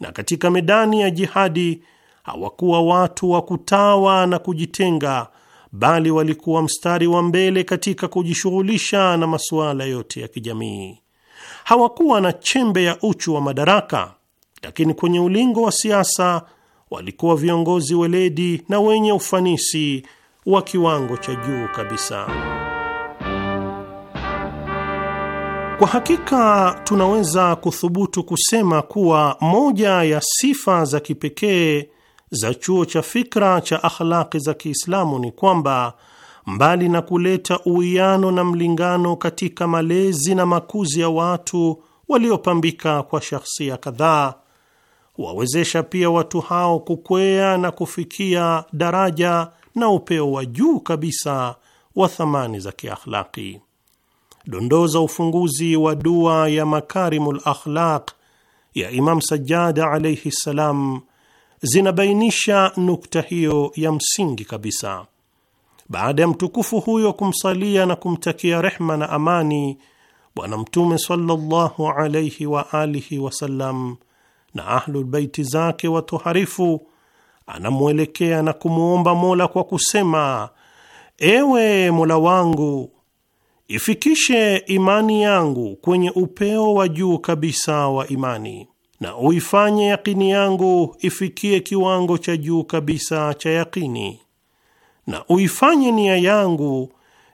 na katika medani ya jihadi hawakuwa watu wa kutawa na kujitenga, bali walikuwa mstari wa mbele katika kujishughulisha na masuala yote ya kijamii. Hawakuwa na chembe ya uchu wa madaraka, lakini kwenye ulingo wa siasa walikuwa viongozi weledi na wenye ufanisi wa kiwango cha juu kabisa. Kwa hakika tunaweza kuthubutu kusema kuwa moja ya sifa za kipekee za chuo cha fikra cha akhlaqi za Kiislamu ni kwamba mbali na kuleta uwiano na mlingano katika malezi na makuzi ya watu waliopambika kwa shahsia kadhaa, wawezesha pia watu hao kukwea na kufikia daraja na upeo wa juu kabisa wa thamani za kiakhlaki. Dondoo za ufunguzi wa dua ya Makarimul Akhlaq ya Imam Sajjad alaihi ssalam zinabainisha nukta hiyo ya msingi kabisa. Baada ya mtukufu huyo kumsalia na kumtakia rehma na amani Bwana Mtume sallallahu alaihi wa alihi wasallam na ahlulbeiti zake watoharifu anamwelekea na kumwomba Mola kwa kusema: ewe Mola wangu, ifikishe imani yangu kwenye upeo wa juu kabisa wa imani, na uifanye yakini yangu ifikie kiwango cha juu kabisa cha yakini, na uifanye nia yangu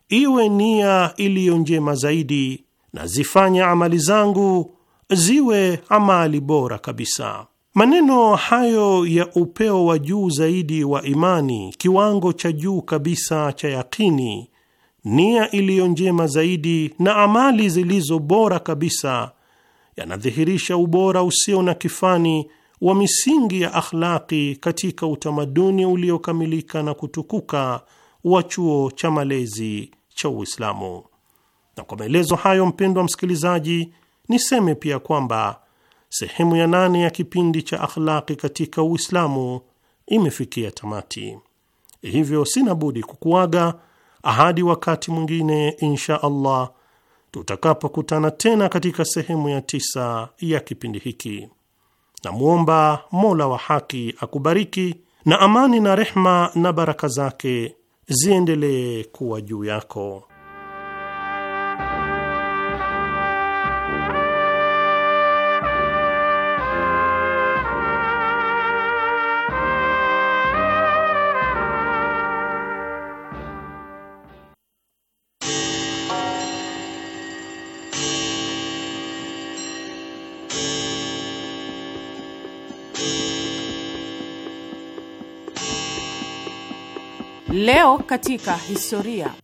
iwe nia iliyo njema zaidi, na zifanye amali zangu ziwe amali bora kabisa. Maneno hayo ya upeo wa juu zaidi wa imani, kiwango cha juu kabisa cha yakini, nia iliyo njema zaidi na amali zilizo bora kabisa, yanadhihirisha ubora usio na kifani wa misingi ya akhlaki katika utamaduni uliokamilika na kutukuka wa chuo cha malezi cha Uislamu. Na kwa maelezo hayo, mpendwa msikilizaji Niseme pia kwamba sehemu ya nane ya kipindi cha akhlaqi katika Uislamu imefikia tamati, hivyo sina budi kukuaga ahadi wakati mwingine insha Allah tutakapokutana tena katika sehemu ya tisa ya kipindi hiki. Namwomba Mola wa haki akubariki na amani na rehma na baraka zake ziendelee kuwa juu yako. Leo katika historia.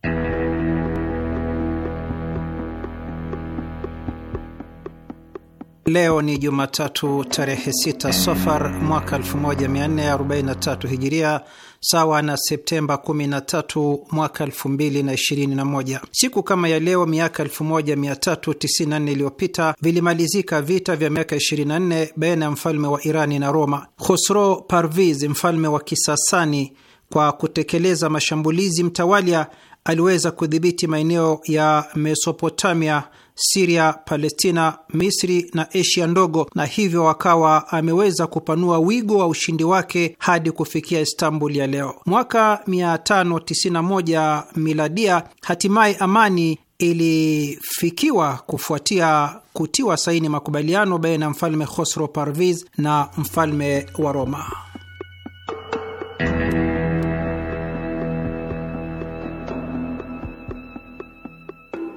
Leo ni Jumatatu tarehe 6 sofar mwaka 1443 Hijiria, sawa na Septemba 13 mwaka 2021. Siku kama ya leo miaka 1394 iliyopita vilimalizika vita vya miaka 24 baina ya mfalme wa Irani na Roma. Khosro Parviz, mfalme wa Kisasani kwa kutekeleza mashambulizi mtawalia, aliweza kudhibiti maeneo ya Mesopotamia, Siria, Palestina, Misri na Asia ndogo, na hivyo akawa ameweza kupanua wigo wa ushindi wake hadi kufikia Istanbul ya leo. Mwaka 591 miladia, hatimaye amani ilifikiwa kufuatia kutiwa saini makubaliano baina ya mfalme Khosrow Parviz na mfalme wa Roma.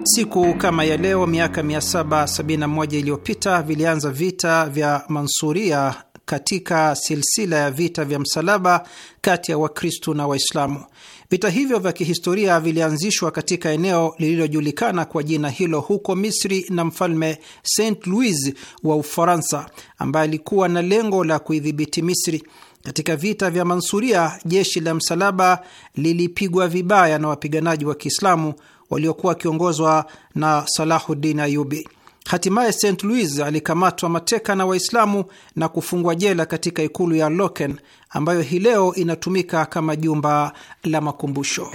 Siku kama ya leo miaka 771 iliyopita vilianza vita vya Mansuria katika silsila ya vita vya msalaba kati ya Wakristu na Waislamu. Vita hivyo vya kihistoria vilianzishwa katika eneo lililojulikana kwa jina hilo huko Misri na mfalme St Louis wa Ufaransa, ambaye alikuwa na lengo la kuidhibiti Misri. Katika vita vya Mansuria, jeshi la msalaba lilipigwa vibaya na wapiganaji wa Kiislamu waliokuwa wakiongozwa na Salahuddin Ayubi. Hatimaye St Louis alikamatwa mateka na Waislamu na kufungwa jela katika ikulu ya Loken ambayo hii leo inatumika kama jumba la makumbusho.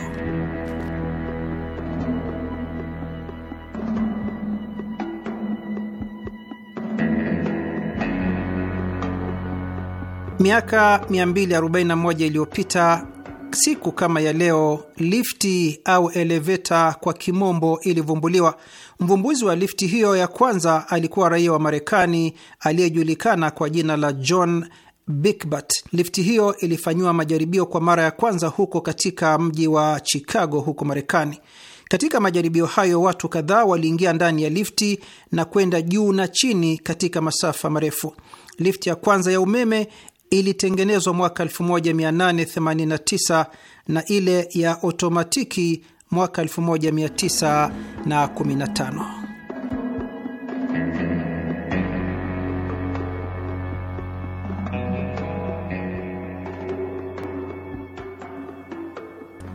Miaka 241 iliyopita siku kama ya leo lifti au eleveta kwa kimombo ilivumbuliwa. Mvumbuzi wa lifti hiyo ya kwanza alikuwa raia wa Marekani aliyejulikana kwa jina la John Bikbat. Lifti hiyo ilifanyiwa majaribio kwa mara ya kwanza huko katika mji wa Chicago huko Marekani. Katika majaribio hayo, watu kadhaa waliingia ndani ya lifti na kwenda juu na chini katika masafa marefu. Lifti ya kwanza ya umeme ilitengenezwa mwaka 1889 na ile ya otomatiki mwaka 1915.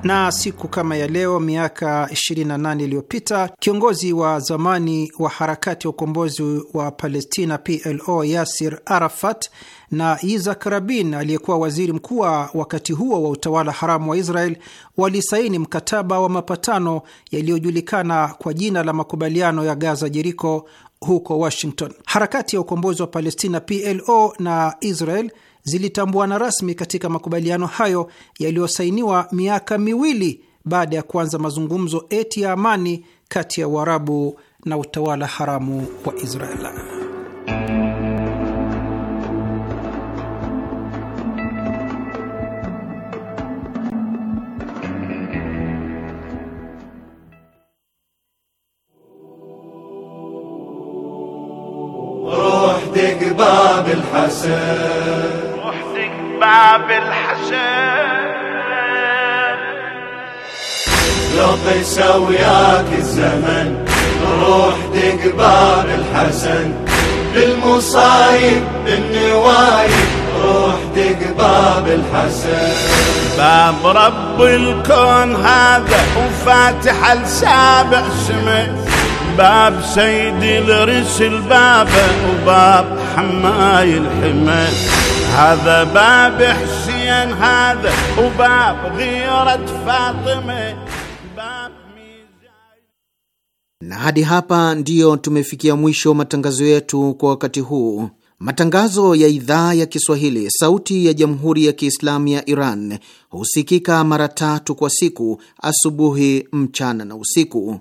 na siku kama ya leo miaka 28 iliyopita kiongozi wa zamani wa harakati ya ukombozi wa Palestina PLO Yasir Arafat na isak Rabin aliyekuwa waziri mkuu wa wakati huo wa utawala haramu wa Israel walisaini mkataba wa mapatano yaliyojulikana kwa jina la makubaliano ya Gaza Jeriko huko Washington. Harakati ya ukombozi wa Palestina PLO na Israel zilitambuana rasmi katika makubaliano hayo yaliyosainiwa miaka miwili baada ya kuanza mazungumzo eti ya amani kati ya Uarabu na utawala haramu wa Israel. باب الحسن وحدك باب الحسن لو قيس وياك الزمن روح دق باب الحسن بالمصايب بالنوايب روح دق باب الحسن باب رب الكون هذا وفاتح لسابع سمه الباب سيدي لرس الباب وباب حماي الحمى هذا باب حسين هذا وباب غيرة فاطمة باب Na hadi hapa ndiyo tumefikia mwisho matangazo yetu kwa wakati huu. Matangazo ya idhaa ya Kiswahili sauti ya Jamhuri ya Kiislamu ya Iran husikika mara tatu kwa siku: asubuhi, mchana na usiku.